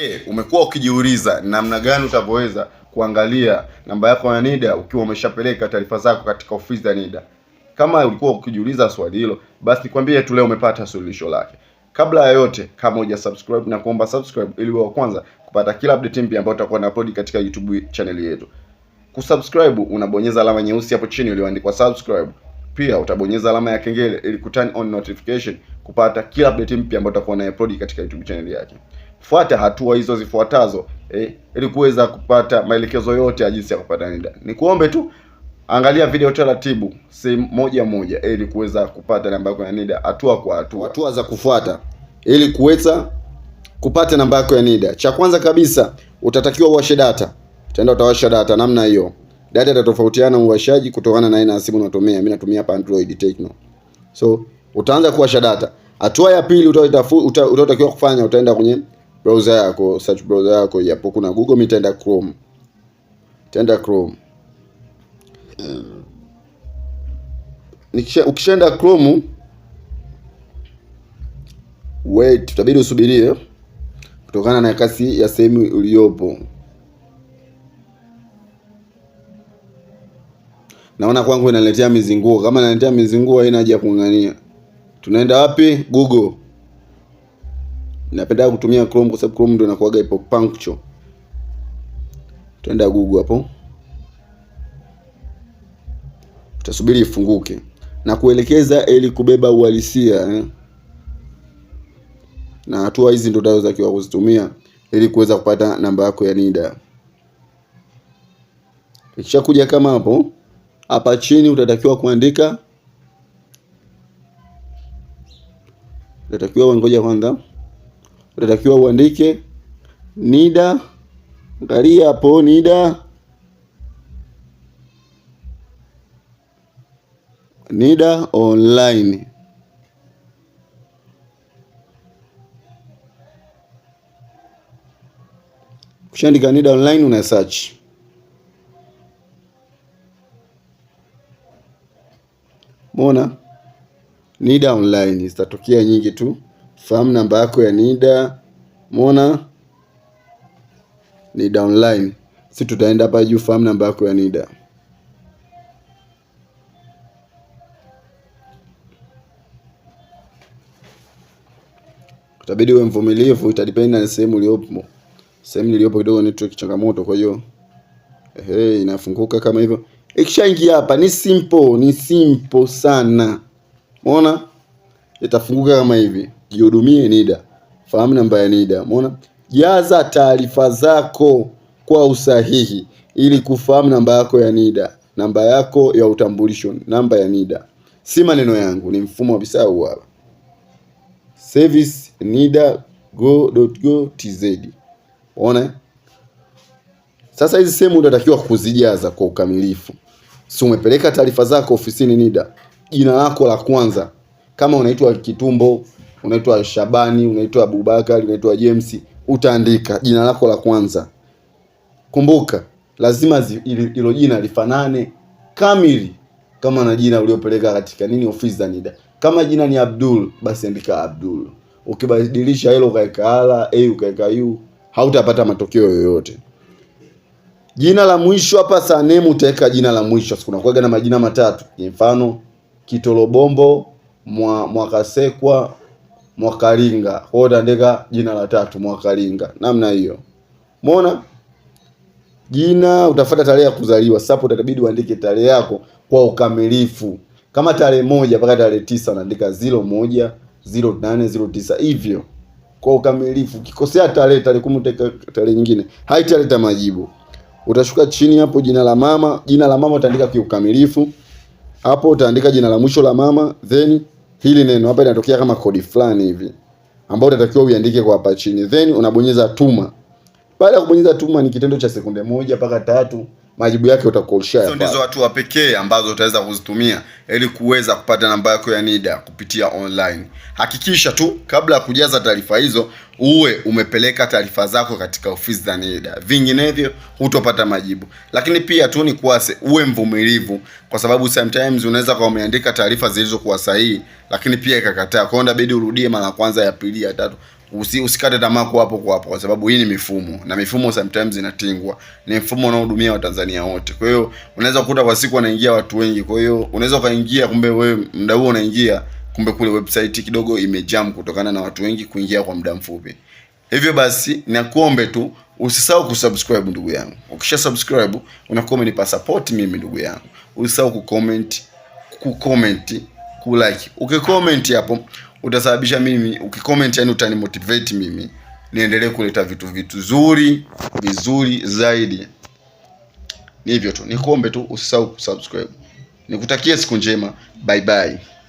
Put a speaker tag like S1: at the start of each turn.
S1: Hey, eh, umekuwa ukijiuliza namna gani utavyoweza kuangalia namba yako ya NIDA ukiwa umeshapeleka taarifa zako katika ofisi ya NIDA. Kama ulikuwa ukijiuliza swali hilo, basi nikwambie tu leo umepata suluhisho lake. Kabla ya yote, kama uja subscribe na kuomba subscribe ili wa kwanza kupata kila update mpya ambayo tutakuwa na upload katika YouTube channel yetu. Kusubscribe unabonyeza alama nyeusi hapo chini iliyoandikwa subscribe. Pia utabonyeza alama ya kengele ili kuturn on notification kupata kila update mpya ambayo tutakuwa na upload katika YouTube channel yake fuata hatua hizo zifuatazo eh, ili kuweza kupata maelekezo yote ya jinsi ya kupata NIDA. Nikuombe tu angalia video taratibu sehemu moja moja ili kuweza kupata namba yako ya NIDA hatua kwa hatua,
S2: hatua za kufuata ili kuweza kupata namba yako ya NIDA. Cha kwanza kabisa utatakiwa uwashe data, utaenda utawasha data namna hiyo. Data itatofautiana uwashaji kutokana na aina ya simu unatumia. Mimi natumia hapa Android Tecno, so utaanza kuwasha data. Hatua ya pili utayotakiwa uta, uta, kufanya utaenda kwenye browser yako, search browser yako, yapo, kuna Google, mimi nitaenda Chrome, nitaenda Chrome. Nikisha, ukishaenda Chrome, wait, utabidi usubirie kutokana na kasi ya sehemu uliyopo. Naona kwangu inaletea mizinguo. Kama inaletea mizinguo, haina haja kung'ania. Tunaenda wapi? Google. Napenda kutumia Chrome kwa sababu Chrome ndio inakuaga ipo puncture. Tuenda Google hapo. Tutasubiri ifunguke na kuelekeza ili kubeba uhalisia eh. Na hatua hizi ndio utazotakiwa kuzitumia ili kuweza kupata namba yako ya NIDA. Ikishakuja kama hapo hapa chini utatakiwa kuandika, utatakiwa ngoja kwanza utatakiwa uandike NIDA. Angalia hapo NIDA, NIDA online. Ukishaandika NIDA online, una search mona NIDA online, zitatokea nyingi tu fahamu namba yako ya NIDA. Umeona NIDA online, si tutaenda hapa juu, fahamu namba yako ya NIDA. Utabidi uwe mvumilivu, itadepend na sehemu uliopo. Sehemu niliopo kidogo network changamoto, kwa hiyo ehe, inafunguka kama hivyo. Ikishaingia hapa ni simple, ni simple sana, umeona itafunguka kama hivi: jihudumie NIDA. Fahamu namba ya NIDA. Umeona, jaza taarifa zako kwa usahihi ili kufahamu namba yako ya NIDA, namba yako ya utambulisho, namba ya NIDA. Si maneno yangu, ni mfumo kabisa huu hapa, service nida go.go.tz. Unaona, sasa hizi sehemu unatakiwa kuzijaza kwa ukamilifu. Si umepeleka taarifa zako ofisini NIDA, jina lako la kwanza kama unaitwa Kitumbo, unaitwa Shabani, unaitwa Abubakar, unaitwa James, utaandika jina lako la kwanza. Kumbuka lazima hilo jina lifanane kamili kama na jina uliopeleka katika nini, ofisi za NIDA. Kama jina ni Abdul, basi andika Abdul. Ukibadilisha hilo ukaweka ala a ukaweka u, hautapata matokeo yoyote. Jina la mwisho hapa, sanemu utaweka jina la mwisho. Kuna kuwaga na majina matatu, mfano Kitolobombo mwa Mwakasekwa, Mwakalinga. Kwa hiyo utaandika jina la tatu Mwakalinga namna hiyo, umeona jina. Utafuata tarehe ya kuzaliwa. sapo utabidi uandike tarehe yako kwa ukamilifu, kama tarehe moja mpaka tarehe tisa unaandika ziro moja ziro nane ziro tisa hivyo kwa ukamilifu. Ukikosea tarehe tarehe kumi utaweka tarehe nyingine, haitaleta majibu. Utashuka chini hapo, jina la mama. Jina la mama utaandika kiukamilifu. Hapo utaandika jina la mwisho la mama, then hili neno hapa linatokea kama kodi fulani hivi ambao unatakiwa uiandike kwa hapa chini, then unabonyeza tuma. Baada ya kubonyeza tuma, ni kitendo cha sekunde moja mpaka tatu. Majibu yake utakuwa usha. Hizo
S1: ndizo hatua pekee ambazo utaweza kuzitumia ili kuweza kupata namba yako ya NIDA kupitia online. Hakikisha tu kabla ya kujaza taarifa hizo uwe umepeleka taarifa zako katika ofisi za NIDA, vinginevyo hutopata majibu. Lakini pia tu ni kuase uwe mvumilivu, kwa sababu sometimes unaweza kwa umeandika taarifa zilizokuwa sahihi, lakini pia ikakataa. Kwa hiyo inabidi urudie mara ya kwanza, ya pili, ya tatu. Usi, usikate tamaa kwa hapo kwa hapo, kwa sababu hii ni mifumo na mifumo sometimes inatingwa. Ni mfumo unaohudumia Watanzania wote, kwa hiyo unaweza kukuta kwa siku wanaingia watu wengi, kwa hiyo unaweza unaingia, kumbe wewe muda huo unaingia, kumbe kule website kidogo imejam kutokana na watu wengi kuingia kwa muda mfupi. Hivyo basi nakuombe tu usisahau kusubscribe ndugu yangu. Ukisha subscribe unakuwa umenipa support mimi ndugu yangu. Usisahau kucomment, kucomment, kulike. Ukicomment hapo utasababisha mimi, ukicomment yani utanimotivate mimi niendelee kuleta vitu vitu zuri vizuri zaidi. Ni hivyo tu, nikuombe tu usisahau kusubscribe. Nikutakie siku njema. Bye bye.